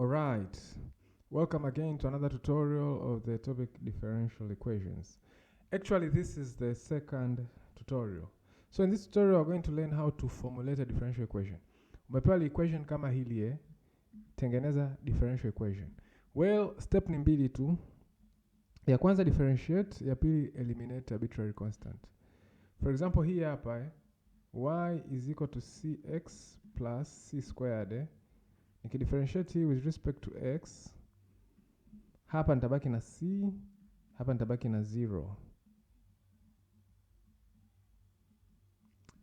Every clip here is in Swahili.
Alright, welcome again to another tutorial of the topic differential equations. Actually, this is the second tutorial. So in this tutorial, we're going to learn how to formulate a differential equation. Umepewa equation kama hili eh, tengeneza differential equation. Well, step ni mbili tu. Ya kwanza differentiate, ya pili eliminate arbitrary constant. For example, hii hapa eh, y is equal to cx plus c squared eh, Nikidifferentiate with respect to x, hapa nitabaki na c, hapa nitabaki na 0.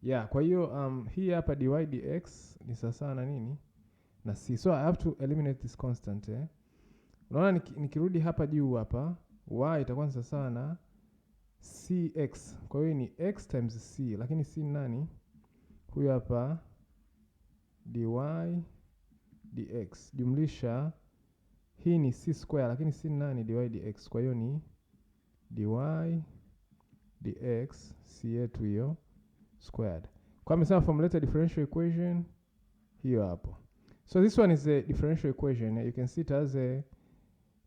Yeah, kwa hiyo um, hii hapa dy dx ni sawasawa na nini? Na c. So I have to eliminate this constant eh? Unaona nikirudi hapa juu hapa y itakuwa ni sawasawa na cx. Kwa hiyo ni x times c, lakini c ni nani? Huyu hapa dy dx jumlisha hii ni c square, lakini si nani? dy dx. Kwa hiyo ni dy dx c yetu hiyo squared. Kwa amesema formulate differential equation hiyo hapo. So this one is a differential equation. You can see it as a,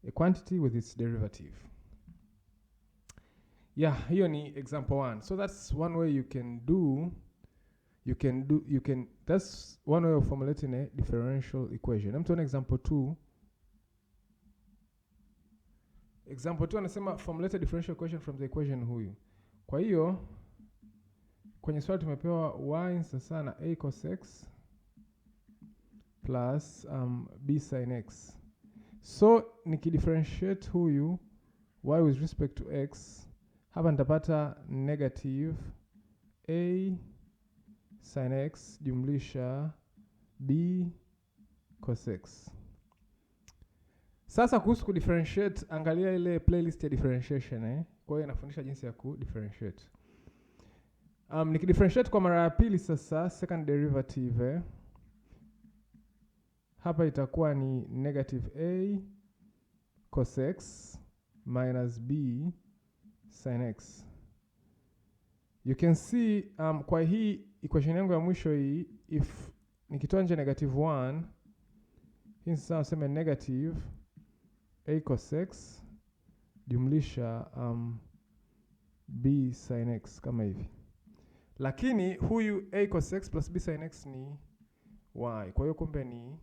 a quantity with its derivative. Yeah, hiyo ni example one. So that's one way you can do you can do you can that's one way of formulating a differential equation. Namtoona example two Example 2 anasema formulate a differential equation from the equation huyu. Kwa hiyo kwenye swali tumepewa y sasa na a cos x plus um, b sin x. So nikidifferentiate huyu y with respect to x hapa nitapata negative a sin x jumlisha b cos x. Sasa kuhusu kudifferentiate, angalia ile playlist ya differentiation eh. Kwa hiyo inafundisha jinsi ya kudifferentiate. Um, nikidifferentiate kwa mara ya pili sasa second derivative eh. Hapa itakuwa ni negative a cos x minus b sin x. You can see um, kwa hii equation yangu ya mwisho hii, if nikitoa nje negative 1, hii sasa nasema negative a cos x jumlisha um, b sin x kama hivi, lakini huyu a cos x plus b sin x ni y, kwa hiyo kumbe ni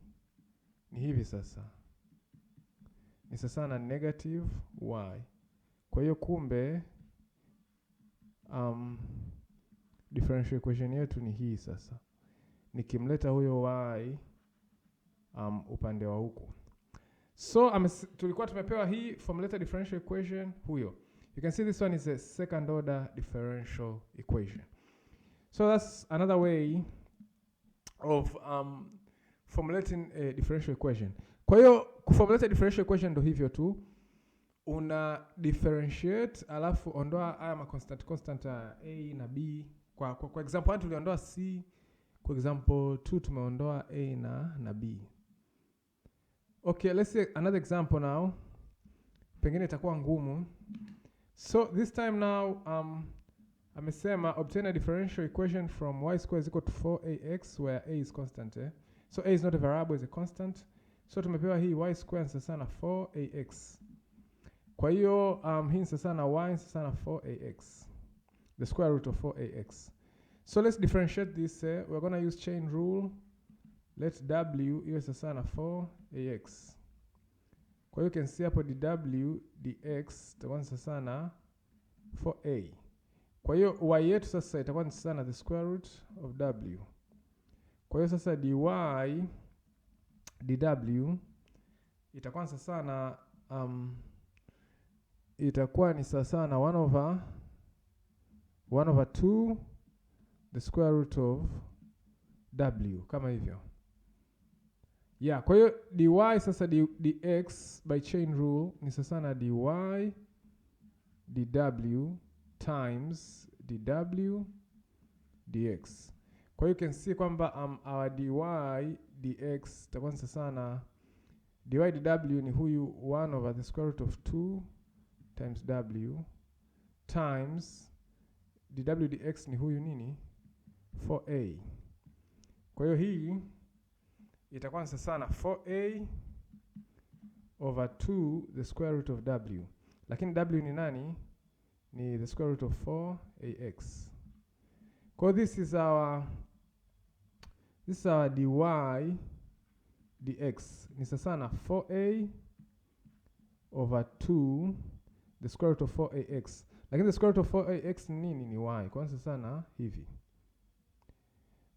ni hivi sasa, ni sasa na negative y, kwa hiyo kumbe um, differential equation yetu ni hii sasa. Nikimleta huyo y um, upande wa huku so um, tulikuwa tumepewa hii formulate differential equation huyo. You can see this one is a second order differential equation. So that's another way of um, formulating a differential equation. Kwa hiyo kuformulate a differential equation ndo hivyo tu, una differentiate alafu ondoa haya ma constant constant uh, a na b kwa, kwa, kwa example 1 tuliondoa C, kwa example 2 tumeondoa A na, na B. Okay, let's see another example now. Pengine itakuwa ngumu. So this time now um, amesema obtain a differential equation from y square is equal to 4ax where a is constant eh? So a is not a variable, is a constant. So tumepewa hii y squared sasa na 4ax. Kwa hiyo um, hii sasa na y sasa na 4ax the square root of 4ax. So let's differentiate this. Uh, we're going to use chain rule. Let w iwe sasa of 4ax. Kwa hiyo you can see hapo dw dx itakuwa ni sasa 4a. Kwa hiyo y yetu sasa itakuwa ni sasa the square root of w. Kwa hiyo sasa dy dw itakuwa ni sasa um, itakuwa ni sasa na 1 over 1 over 2 the square root of w kama hivyo yeah. Kwa hiyo dy sasa dx by chain rule ni sasa na dy dw times dw dx. Kwa hiyo you can see kwamba um, our dy dx itakuwa ni sasa na dy dw ni huyu 1 over the square root of 2 times w times dwdx ni huyu nini 4a. Kwa hiyo hii itakuwa ni sana 4a over 2 the square root of w, lakini w ni nani? Ni the square root of 4ax. Kwa this is our this is our dy dx ni sasana 4a over 2 the square root of 4ax lakini the square root of 4 ax eh, nini ni y. Kwanza sana hivi.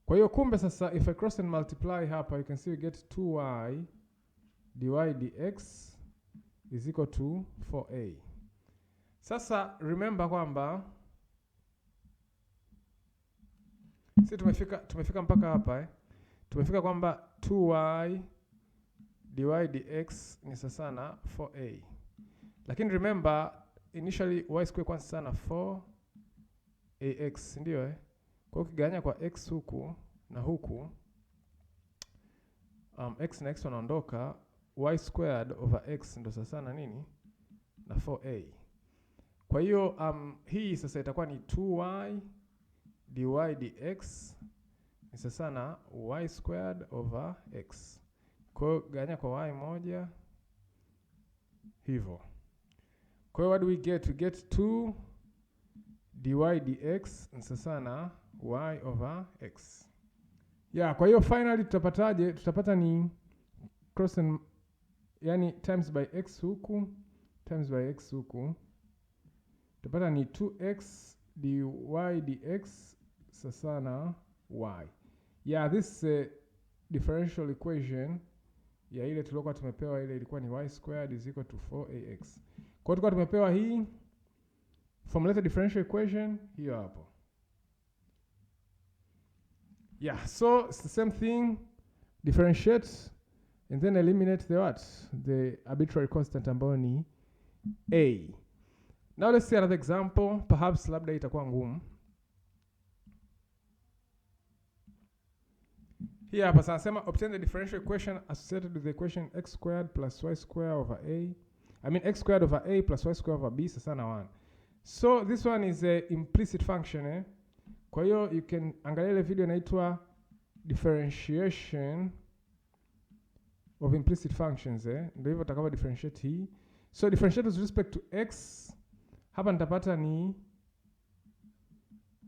Kwa hiyo kumbe sasa if I cross and multiply hapa you can see we get 2y dy dx is equal to 4a. Sasa remember kwamba si tumefika tumefika mpaka hapa eh. Tumefika kwamba 2y dy dx ni sasa na 4a. Lakini remember initially y square kwanza sana 4 ax ndio eh? Kwa ukigawanya kwa x huku na huku um, x na x wanaondoka y squared over x ndo sasa na nini na 4a. Kwa hiyo um, hii sasa itakuwa ni 2y dy dx ni sasa na y squared over x. Kwa hiyo kwa y moja hivyo. Kwa hiyo what do we get? We get 2 dy dx ni y over x. Ya, kwa hiyo finally tutapataje? Tutapata ni cross and yani times by x huku times by x huku tutapata ni 2x dy dx sasa y. Ya, this a differential equation ya ile tuliokuwa tumepewa ile ilikuwa ni y squared is equal to 4ax. Kwa tukua tumepewa hii the differential equation hiyo hapo. Yeah, so it's the same thing differentiate and then eliminate the what? The arbitrary constant ambayo ni A. Now let's see another example, perhaps labda itakuwa ngumu. Hii hapa sanasema obtain the differential equation associated with the equation x squared plus y squared over a I mean x squared over a plus y squared over b is sana 1. So this one is a implicit function eh? Kwa hiyo you can angalia ile video inaitwa differentiation of implicit functions eh? Ndio hivyo tutakavyo differentiate hii. So differentiate with respect to x hapa nitapata ni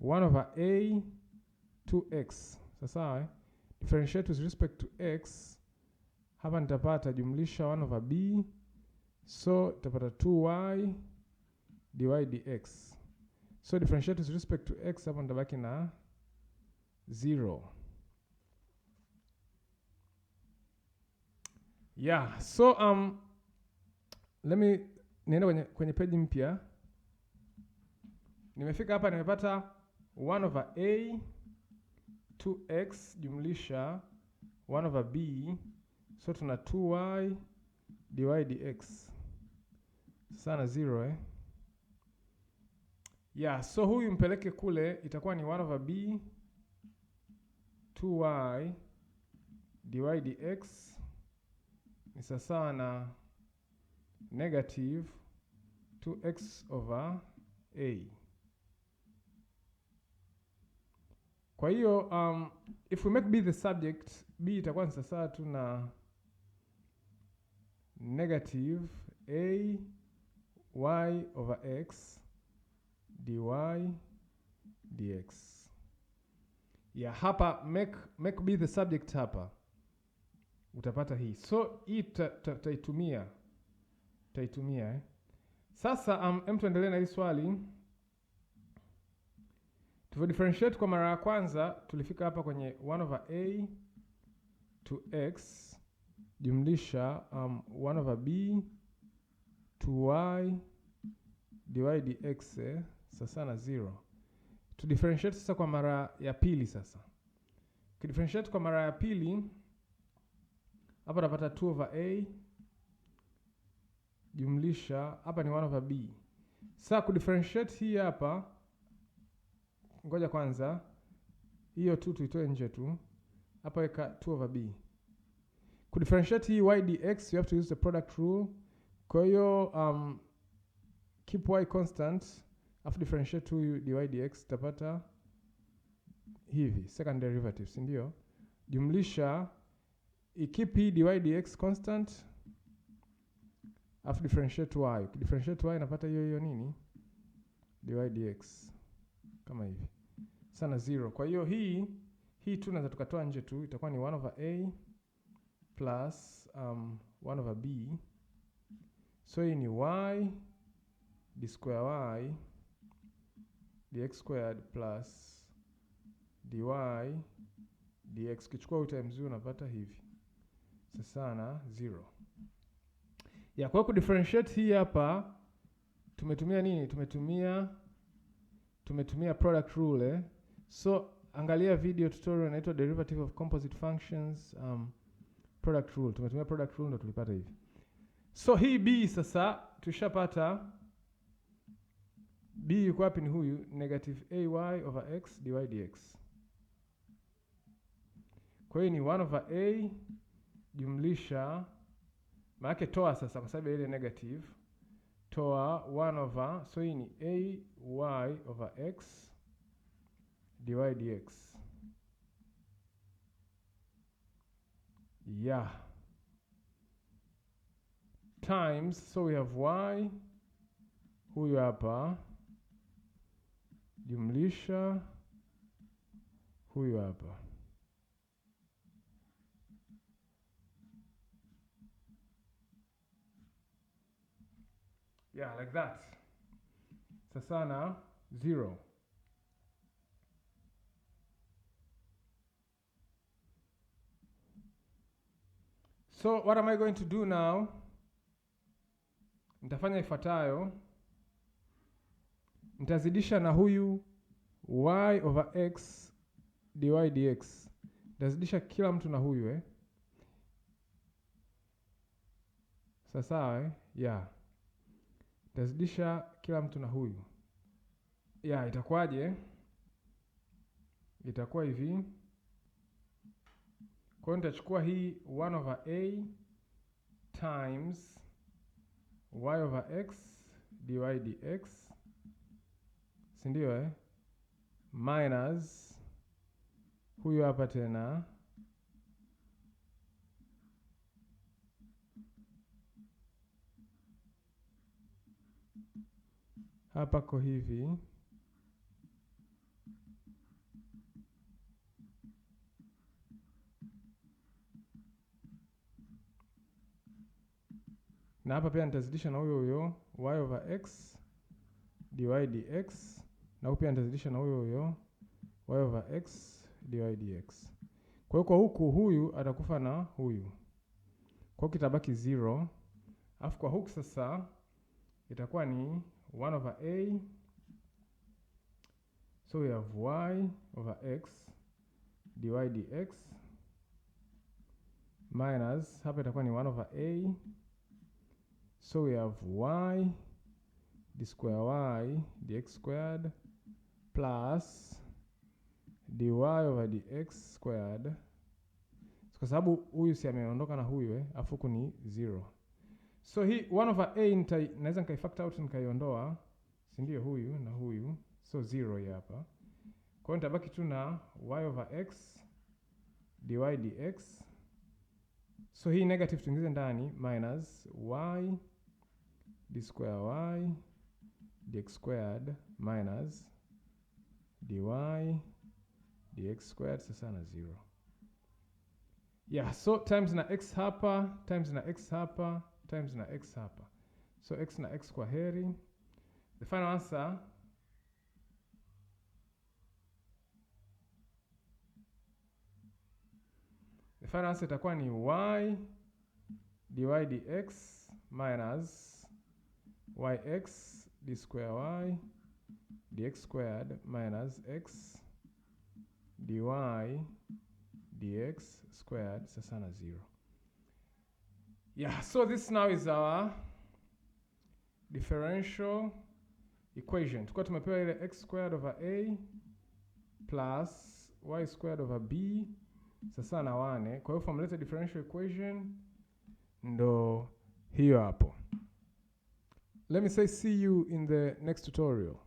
1 over a 2x. Sasa eh? Differentiate with respect to x hapa nitapata jumlisha 1 over b So tapata 2y dy dx. So differentiate with respect to x, hapo nitabaki na 0. Yeah, so um, let me nienda kwenye, kwenye page mpya. Nimefika hapa nimepata 1 over a 2x jumlisha 1 over b, so tuna 2y dy dx sana zero eh? Yeah, so huyu mpeleke kule itakuwa ni 1 over b 2y dy dx ni sawasawa na negative 2x over a. Kwa hiyo um, if we make b the subject, b itakuwa ni sawasawa tu na negative a y over x dy dx. Ya hapa make, make be the subject hapa utapata hii, so hii tutaitumia tutaitumia eh. Sasa um, tuendelee na hii swali. Tuvo differentiate kwa mara ya kwanza tulifika hapa kwenye 1 over a to x jumlisha um, 1 over b 2y dy dx sasa na 0. Tu differentiate sasa kwa mara ya pili sasa. Ki differentiate kwa mara ya pili hapa napata 2 over a jumlisha hapa ni 1 over b. Sasa ku differentiate hii hapa, ngoja kwanza hiyo tu tuitoe nje tu, hapa weka 2 over b. Ku differentiate hii y dx you have to use the product rule. Kwa hiyo um, keep y constant afu differentiate to dy dx tapata hivi second derivative, si ndio? Jumlisha keep dy dx constant afu differentiate y, differentiate y napata hiyo hiyo nini dy dx kama hivi sana zero. Kwa hiyo hii hii tu naweza tukatoa nje tu, itakuwa ni 1 over a plus um, 1 over b So hii ni y d square y dx squared plus dy dx, ukichukua u times u unapata hivi sasa na 0 ya kwa ku differentiate hii hapa tumetumia nini? Tumetumia tumetumia product rule. So angalia video tutorial inaitwa derivative of composite functions um, product rule. Tumetumia product rule ndo tulipata hivi. So hii b sasa tushapata b yuko wapi? Ni huyu negative ay over x dy dx. Kwa hiyo ni 1 over a jumlisha, maanake toa sasa, kwa sababu ile negative, toa 1 over, so hii ni ay over x dy dx yeah times, so we have y huyu hapa jumlisha huyu hapa yeah like that sasa na zero so what am i going to do now nitafanya ifuatayo. Nitazidisha na huyu y over x dy dx, nitazidisha kila mtu na huyu eh. Sasa eh? Yeah. Nitazidisha kila mtu na huyu yeah, itakuwaje? Itakuwa hivi kwa hiyo nitachukua hii 1 over a times y over x dy dx, si eh? minus huyu hapa tena hapa hivi na hapa pia nitazidisha na huyo huyo y over x dy dx, na huko pia nitazidisha na huyo huyo y over x dy dx. Kwa hiyo kwa huku huyu atakufa na huyu, kwa hiyo kitabaki zero, alafu kwa huku sasa itakuwa ni 1 over a, so we have y over x dy dx minus hapa itakuwa ni 1 over a So we have y, the square y, dx squared, plus dy over dx squared, kwa sababu huyu si ameondoka na huyu eh, afu huku ni zero. So hii 1 over a naweza nikaifactor out nikaiondoa, si ndio? Huyu na huyu, so zero hii hapa. Kwa hiyo nitabaki tu na y over x dy dx, so hii negative tuingize ndani minus y d square y dx squared minus dy dx squared sasa na zero yeah, so times na x hapa times na x hapa times na x hapa so x na x kwa heri the final answer the final answer itakuwa ni y dy dx minus yx d square y dx squared minus x dy dx squared sasa na 0. Yeah, so this now is our differential equation. Tukua tumepewa ile x squared over a plus y squared over b sasa na 1. Kwa hiyo formulate differential equation ndo hiyo hapo. Let me say see you in the next tutorial.